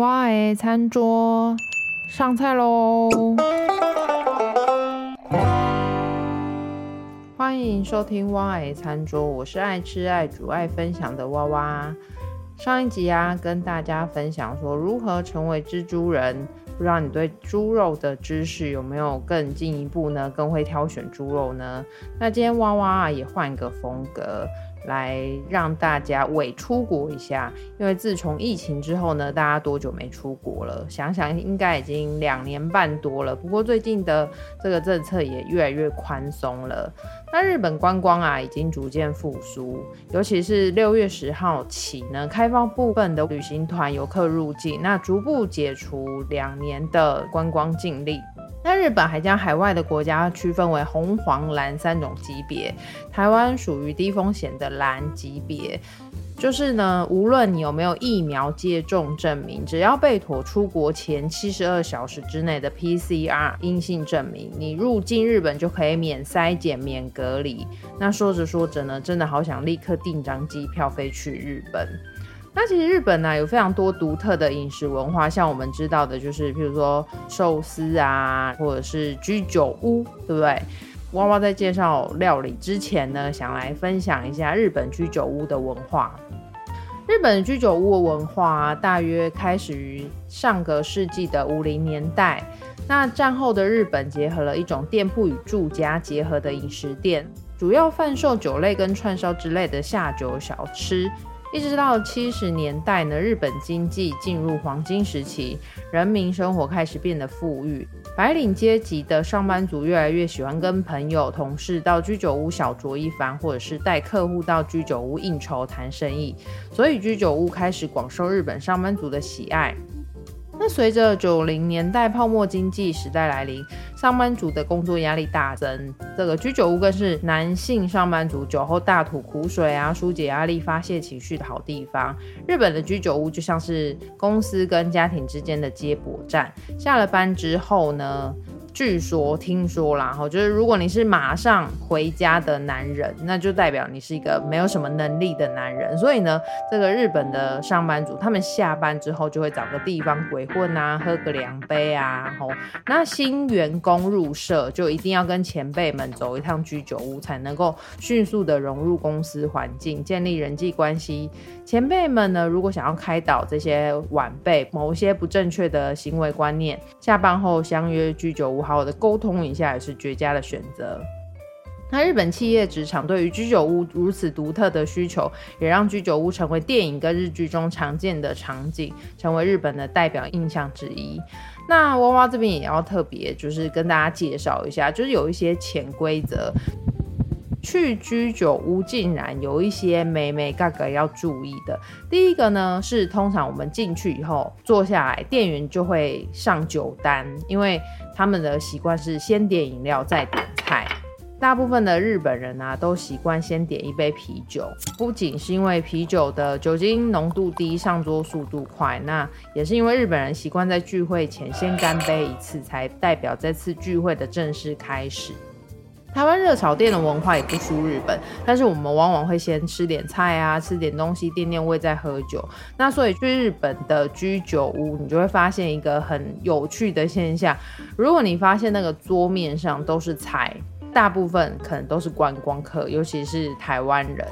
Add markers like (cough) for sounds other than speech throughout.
蛙誒餐桌上菜嘍！歡迎收聽蛙誒餐桌，我是愛吃、愛煮、愛分享的蛙蛙。上一集啊，跟大家分享說如何成為蜘蛛人，不知道你對豬肉的知識有沒有更進一步呢？更會挑選豬肉呢？那今天蛙蛙也換一個風格。來讓大家偽出國一下，因為自從疫情之後呢，大家多久沒出國了？想想應該已經兩年半多了。不過最近的這個政策也越來越寬鬆了。那日本觀光啊，已經逐漸復甦，尤其是六月十號起呢，開放部分的旅行團遊客入境，那逐步解除兩年的觀光禁令。那日本還將海外的國家區分為紅、黃、藍三種級別，台灣屬於低風險的藍級別，就是呢，無論你有沒有疫苗接種證明，只要備妥出國前七十二小時之內的 PCR 陰性證明，你入境日本就可以免篩檢、免隔離。那說着說着呢，真的好想立刻訂張機票飛去日本。那其實日本呢、啊、有非常多獨特的飲食文化，像我們知道的就是，譬如說壽司啊，或者是居酒屋，對不對？蛙蛙在介紹料理之前呢，想來分享一下日本居酒屋的文化。日本居酒屋的文化、啊、大約開始於上個世紀的五零年代。那戰後的日本結合了一種店鋪與住家結合的飲食店，主要販售酒類跟串燒之類的下酒小吃。一直到七十年代呢，日本經濟進入黃金時期，人民生活開始變得富裕，白領階級的上班族越來越喜歡跟朋友、同事到居酒屋小酌一番，或者是帶客戶到居酒屋應酬談生意，所以居酒屋開始廣受日本上班族的喜愛。那隨着九零年代泡沫經濟時代來臨，上班族的工作壓力大增，這個居酒屋更是男性上班族酒後大吐苦水啊，疏解壓力、發洩情緒的好地方。日本的居酒屋就像是公司跟家庭之間的接駁站，下了班之後呢，據說、聽說啦，吼，就是如果你是馬上回家的男人，那就代表你是一個沒有什麼能力的男人。所以呢，這個日本的上班族，他們下班之後就會找個地方鬼混啊，喝個兩杯啊，吼,那新員工入社就一定要跟前輩們走一趟居酒屋,才能夠迅速的融入公司環境,建立人際關係。前輩們呢，如果想要開導這些晚輩，某些不正確的行為觀念，下班後相約居酒屋。好好的溝通一下也是絕佳的選擇。那日本企業職場對於居酒屋如此獨特的需求，也讓居酒屋成為電影跟日劇中常見的場景，成為日本的代表印象之一。那蛙蛙這邊也要特別就是跟大家介紹一下，就是有一些潛規則。去居酒屋竟然有一些眉眉角角要注意的。第一個呢是，通常我們進去以後坐下來，店員就會上酒單，因為他們的習慣是先點飲料再點菜。大部分的日本人呢、啊、都習慣先點一杯啤酒，不僅是因為啤酒的酒精濃度低、上桌速度快，那也是因為日本人習慣在聚會前先乾杯一次，才代表這次聚會的正式開始。台灣熱炒店的文化也不輸日本，但是我們往往會先吃點菜啊，吃點東西墊墊胃再喝酒。那所以去日本的居酒屋，你就會發現一個很有趣的現象：如果你發現那個桌面上都是菜，大部分可能都是觀光客，尤其是台灣人。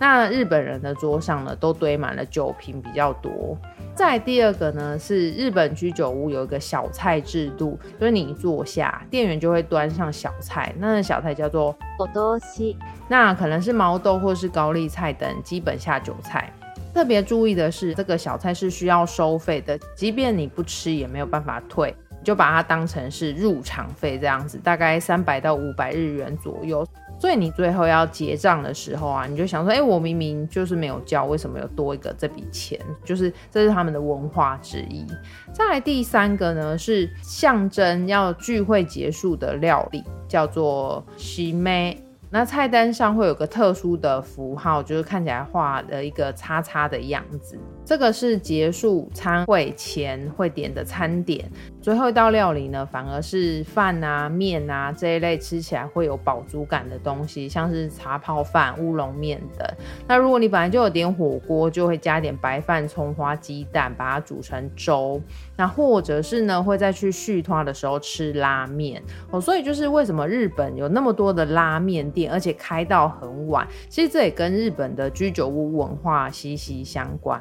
那日本人的桌上呢，都堆滿了酒瓶比較多。再第二個呢，是日本居酒屋有一個小菜制度，就是你一坐下，店員就會端上小菜，那個、小菜叫做“歐多西”，那可能是毛豆或是高麗菜等基本下酒菜。特別注意的是，這個小菜是需要收費的，即便你不吃也沒有辦法退，你就把它當成是入場費這樣子，大概三百到五百日元左右。所以你最後要結賬的時候啊，你就想說，哎、欸，我明明就是沒有交，為什麼要多一個這筆錢？就是這是他們的文化之一。再來第三個呢，是象徵要聚會結束的料理，叫做 Shime。那菜單上會有個特殊的符號，就是看起來畫了一個叉叉的樣子。這個是結束餐會前會點的餐點，最後一道料理呢，反而是飯啊、麵啊這一類吃起來會有飽足感的東西，像是茶泡飯、烏龍麵等。那如果你本來就有點火鍋，就會加一點白飯、蔥花、雞蛋，把它煮成粥。那或者是呢，會再去續湯的時候吃拉麵哦。所以就是為什麼日本有那麼多的拉麵店。而且開到很晚，其實這也跟日本的居酒屋文化息息相關。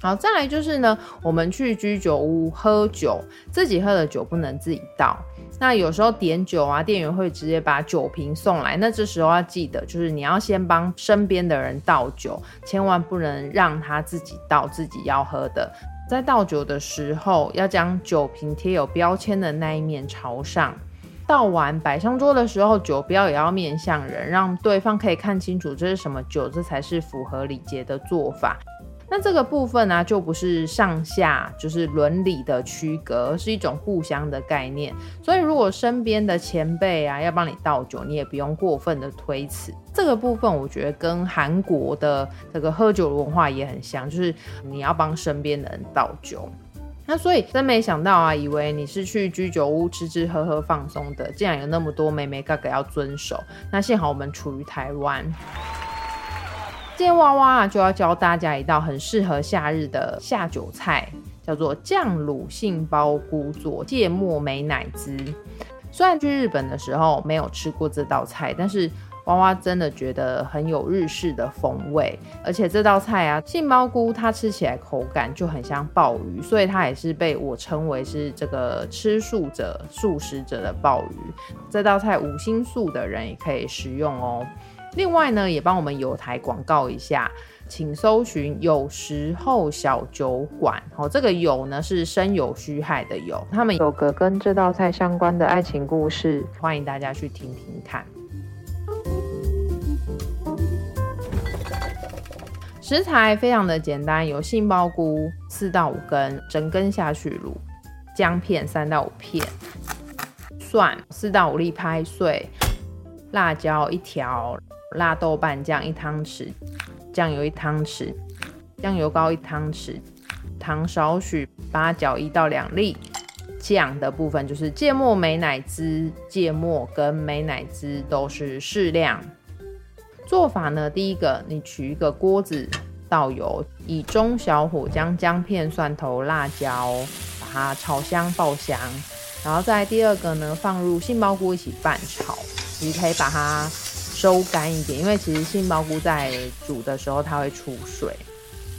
好，再來就是呢，我們去居酒屋喝酒，自己喝的酒不能自己倒。那有時候點酒啊，店員會直接把酒瓶送來，那這時候要記得，就是你要先幫身邊的人倒酒，千萬不能讓他自己倒，自己要喝的。在倒酒的時候，要將酒瓶貼有標籤的那一面朝上。倒完擺上桌的時候，酒標也要面向人，讓對方可以看清楚這是什麼酒，這才是符合禮節的做法。那這個部分呢啊，就不是上下，就是倫理的區隔，而是一種互相的概念。所以，如果身邊的前輩啊要幫你倒酒，你也不用過分的推辭。這個部分我覺得跟韓國的這個喝酒文化也很像，就是你要幫身邊的人倒酒。那，所以真沒想到啊，以為你是去居酒屋吃吃喝喝放鬆的，竟然有那麼多眉眉角角要遵守。那幸好我們處於台灣，今天娃娃、啊、就要教大家一道很適合夏日的下酒菜，叫做醬滷杏鮑菇佐芥末美乃滋。雖然去日本的時候沒有吃過這道菜，但是。蛙蛙真的覺得很有日式的風味，而且這道菜啊，杏鮑菇它吃起來口感就很像鮑魚，所以它也是被我稱為是這個吃素者、素食者的鮑魚。這道菜五辛素的人也可以食用哦。另外呢，也幫我們友台廣告一下，請搜尋“酉時後小酒館”哦。好，這個“酉”呢是申酉戌亥的“酉”，他們有個跟這道菜相關的愛情故事，歡迎大家去聽聽看。食材非常的簡單，有杏鮑菇四到五根，整根下去滷；薑片三到五片；蒜四到五粒拍碎；辣椒一條；辣豆瓣醬一湯匙；醬油一湯匙；醬油膏一湯匙；糖少許；八角一到兩粒。醬的部分就是芥末美乃滋，芥末跟美乃滋都是適量。做法呢，第一個，你取一個鍋子，倒油，以中小火將薑片、蒜頭、辣椒，把它炒香爆香，然後再來第二個呢，放入杏鮑菇一起拌炒，你可以把它收乾一點，因為其實杏鮑菇在煮的時候它會出水。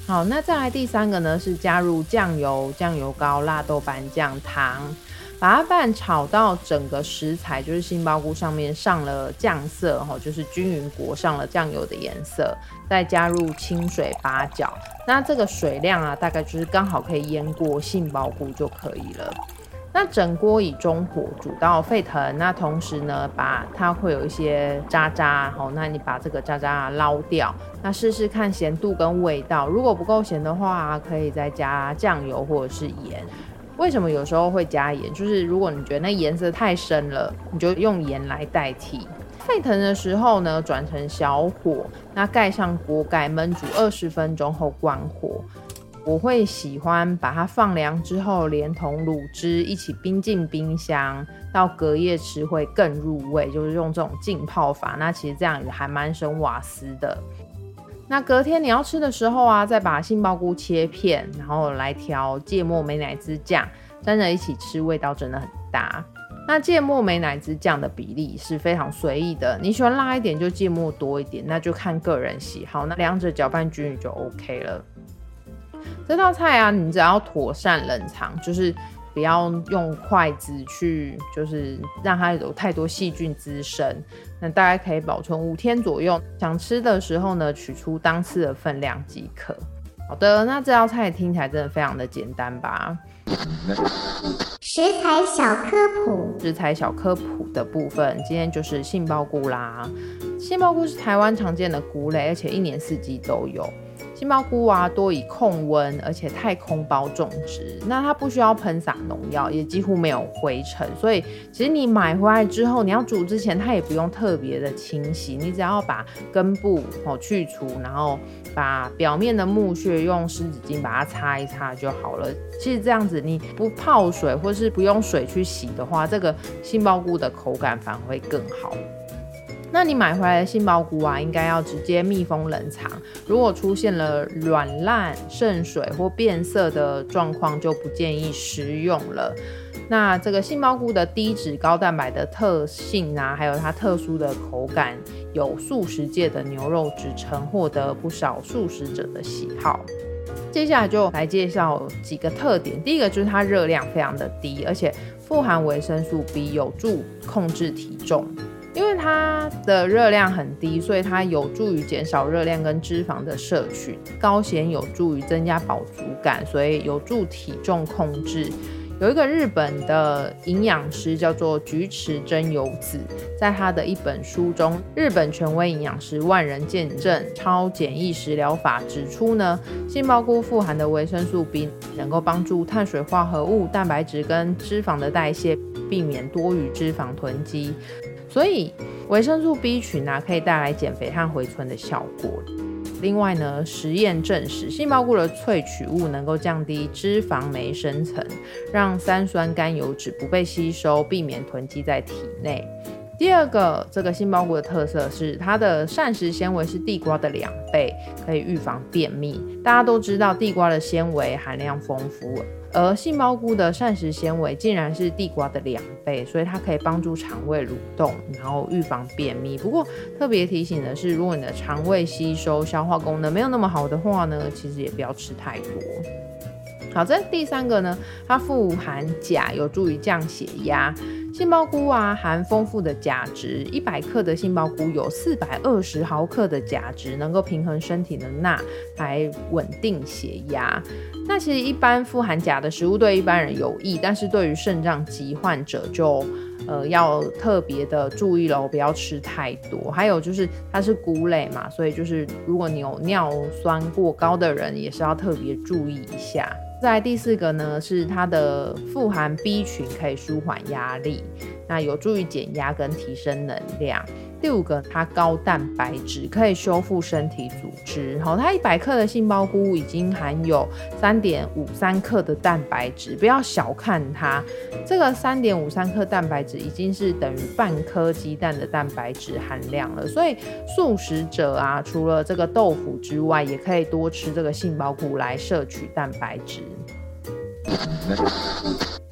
好，那再來第三個呢，是加入醬油、醬油膏、辣豆瓣醬、糖。把它拌炒到整個食材，就是杏鮑菇上面上了醬色，齁，就是均勻裹上了醬油的顏色。再加入清水、八角。那這個水量啊，大概就是剛好可以淹過杏鮑菇就可以了。那整鍋以中火煮到沸騰。那同時呢，把它會有一些渣渣，齁，那你把這個渣渣撈掉。那試試看鹹度跟味道，如果不夠鹹的話、啊，可以再加醬油或者是鹽。為什麼有時候會加鹽？就是如果你覺得那顏色太深了，你就用鹽來代替。沸騰的時候呢，轉成小火，那蓋上鍋蓋燜煮二十分鐘後關火。我會喜歡把它放涼之後，連同滷汁一起冰進冰箱，到隔夜吃會更入味。就是用這種浸泡法，那其實這樣也還蠻省瓦斯的。那隔天你要吃的時候啊，再把杏鮑菇切片，然後來調芥末美乃滋醬，沾着一起吃，味道真的很搭。那芥末美乃滋醬的比例是非常隨意的，你喜歡辣一點就芥末多一點，那就看個人喜好。那兩者攪拌均勻就 OK 了。這道菜啊，你只要妥善冷藏，就是。不要用筷子去，就是讓它有太多細菌滋生。那大概可以保存五天左右，想吃的時候呢，取出當次的分量，即可。好的，那這道菜聽起來真的非常的簡單吧？食材小科普，食材小科普的部分，今天就是杏鮑菇啦。杏鮑菇是台灣常見的菇類，而且一年四季都有。杏鮑菇啊，多以控溫，而且太空包種植，那它不需要噴灑農藥，也幾乎沒有灰塵，所以其實你買回來之後，你要煮之前，它也不用特別的清洗，你只要把根部哦去除，然後把表面的木屑用濕紙巾把它擦一擦就好了。其實這樣子，你不泡水或是不用水去洗的話，這個杏鮑菇的口感反而會更好。那你買回來的杏鮑菇啊，應該要直接密封冷藏。如果出現了軟爛、滲水或變色的狀況，就不建議食用了。那這個杏鮑菇的低脂高蛋白的特性啊，還有它特殊的口感，有素食界的牛肉之稱，獲得不少素食者的喜好。接下來就來介紹幾個特點。第一個就是它熱量非常的低，而且富含維生素 B，有助控制體重。因為它的熱量很低，所以它有助於減少熱量跟脂肪的攝取。高纖有助於增加飽足感，所以有助體重控制。有一個日本的營養師叫做菊池真由子，在他的一本書中，《日本權威營養師萬人見證超簡易食療法》指出呢，杏鮑菇富含的維生素 B 能夠幫助碳水化合物、蛋白質跟脂肪的代謝，避免多餘脂肪囤積。所以維生素 B 群呢、啊，可以帶來減肥和回春的效果。另外呢，實驗證實，杏鮑菇的萃取物能夠降低脂肪酶生成，讓三酸甘油脂不被吸收，避免囤積在體內。第二個，這個杏鮑菇的特色是它的膳食纖維是地瓜的兩倍，可以預防便秘。大家都知道地瓜的纖維含量豐富，而杏鮑菇的膳食纖維竟然是地瓜的兩倍，所以它可以幫助腸胃蠕動，然後預防便秘。不過特別提醒的是，如果你的腸胃吸收消化功能沒有那麼好的話呢，其實也不要吃太多。好，再第三個呢，它富含鉀，有助於降血壓。杏鮑菇啊，含豐富的鉀質，一百克的杏鮑菇有四百二十毫克的鉀質，能夠平衡身體的鈉，來穩定血壓。那其實一般富含鉀的食物對一般人有益，但是對於腎臟疾患者就呃要特別的注意了，不要吃太多。還有就是它是菇類嘛，所以就是如果你有尿酸過高的人，也是要特別注意一下。在第四個呢，是它的富含 B 群，可以舒緩壓力，那有助於減壓跟提升能量。第五個，它高蛋白質，可以修復身體組織。然後它一百克的杏鮑菇已經含有三點五三克的蛋白質，不要小看它，這個三點五三克蛋白質已經是等於半顆雞蛋的蛋白質含量了。所以素食者啊，除了這個豆腐之外，也可以多吃這個杏鮑菇來攝取蛋白質。 (laughs)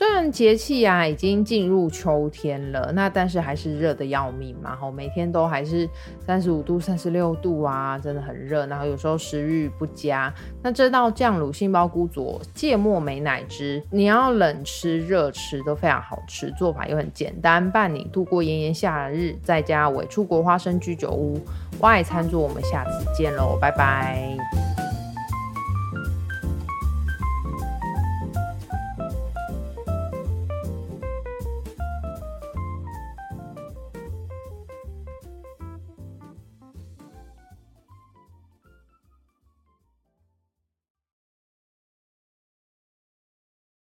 雖然節氣呀、啊、已經進入秋天了，那但是還是熱得要命嘛吼，每天都還是三十五度、三十六度啊，真的很熱。然後有時候食慾不佳，那這道醬滷杏鮑菇佐芥末美乃滋，你要冷吃、熱吃都非常好吃，做法又很簡單，伴你度過炎炎夏日，在家偽，出國花生居酒屋外餐桌，我們下次見嘍，拜拜。